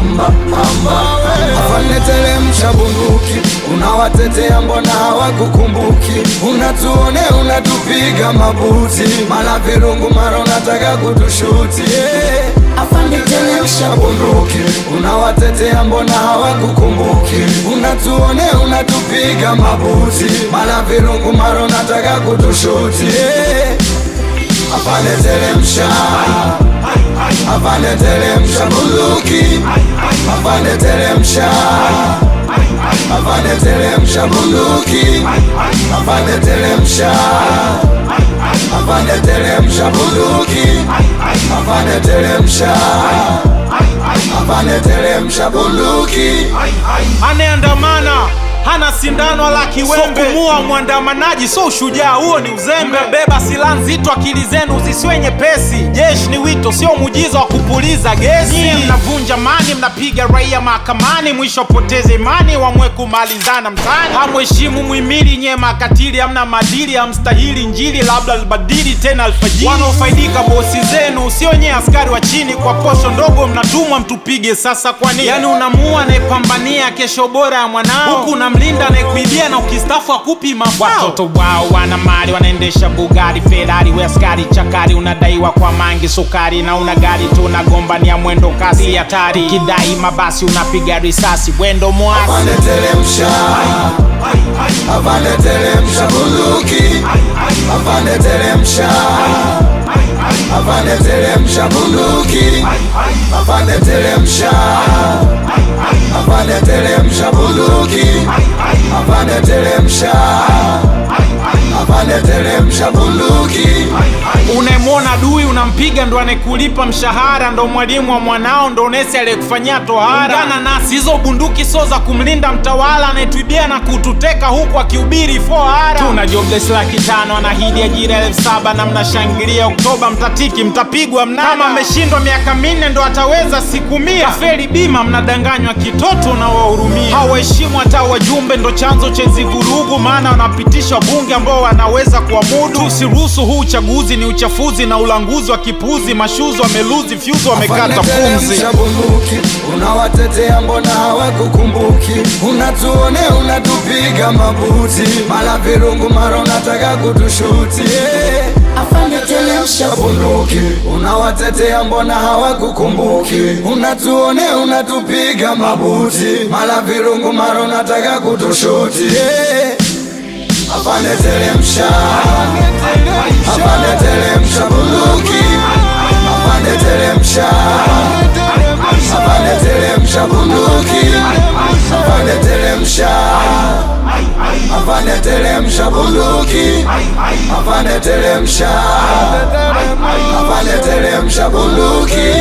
pamba pamba, wanetelemsha bunduki, unawatetea mbona hawakukumbuki? Unatuone unatupiga mabuti, mara virungu, mara unataka kutushuti Afanditelemsha bunduki, unawatetea mbona hawakukumbuki? Unatuone unatupiga mabuti, mara virungu, mara unataka kutushuti. Afanditelemsha afande teremsha bunduki, afande teremsha, afande teremsha bunduki, afande teremsha, afande teremsha bunduki, afande teremsha, afande teremsha bunduki, anayeandamana ana sindano la kiwembe. So kumua mwandamanaji so ushujaa, huo ni uzembe. Beba silaha nzito, akili zenu zisiwe nyepesi. Jeshi ni wito, sio mujiza wa kupuliza gesi. Nyie mnavunja mani mnapiga raia mahakamani, mwisho poteze imani, wamwe kumalizana mtaani. Hamheshimu muhimili, nyie makatili, hamna maadili, hamstahili njiri labda libadili tena alfajiri. Wanaofaidika bosi zenu, sio nyie askari wa chini. Kwa posho ndogo mnatumwa mtupige sasa. Kwani yani unamua anayepambania kesho bora ya mwanao huku kulinda anayekuibia na ukistafu akupi Watoto wao wana mali, wanaendesha Bugari, Ferrari, weaskari askari chakari, unadaiwa kwa mangi sukari, na una gari tunagombania mwendo kasi hatari, kidai mabasi unapiga risasi, wendo mwasi avaneteremsha bunduki teremsha afande teremsha bunduki, afande teremsha, afande teremsha bunduki unaona dui unampiga, ndo anekulipa mshahara, ndo mwalimu wa mwanao, ndo nesi aliyekufanyia tohara. Ungana nasi, hizo bunduki sio za kumlinda mtawala anayetuibia na kututeka huku akihubiri fohara. Tuna jobless laki tano, anahidi ajira elfu saba na mnashangilia Oktoba, mtatiki mtapigwa mnana Kama ameshindwa miaka minne ndo ataweza siku mia. Kafeli bima, mnadanganywa kitoto na wahurumia. Hawaheshimu hata wajumbe, ndo chanzo cha vurugu, maana wanapitisha bunge ambao wanaweza kuamudu. Tusiruhusu huu uchaguzi, ni uchafuzi na ulanguzi wa kipuzi, mashuzo ameluzi fyuzo wamekata pumzi. Unawatetea, mbona hawakukumbuki? Unatuone, unatupiga mabuti, mala virungu, mara unataka kutushuti bunduki unawatetea, mbona hawakukumbuki? Unatuone, unatupiga mabuti, mala virungu, mara unataka kutushuti. Afande teremsha, afande teremsha afande teremsha bunduki, afande teremsha, afande teremsha bunduki.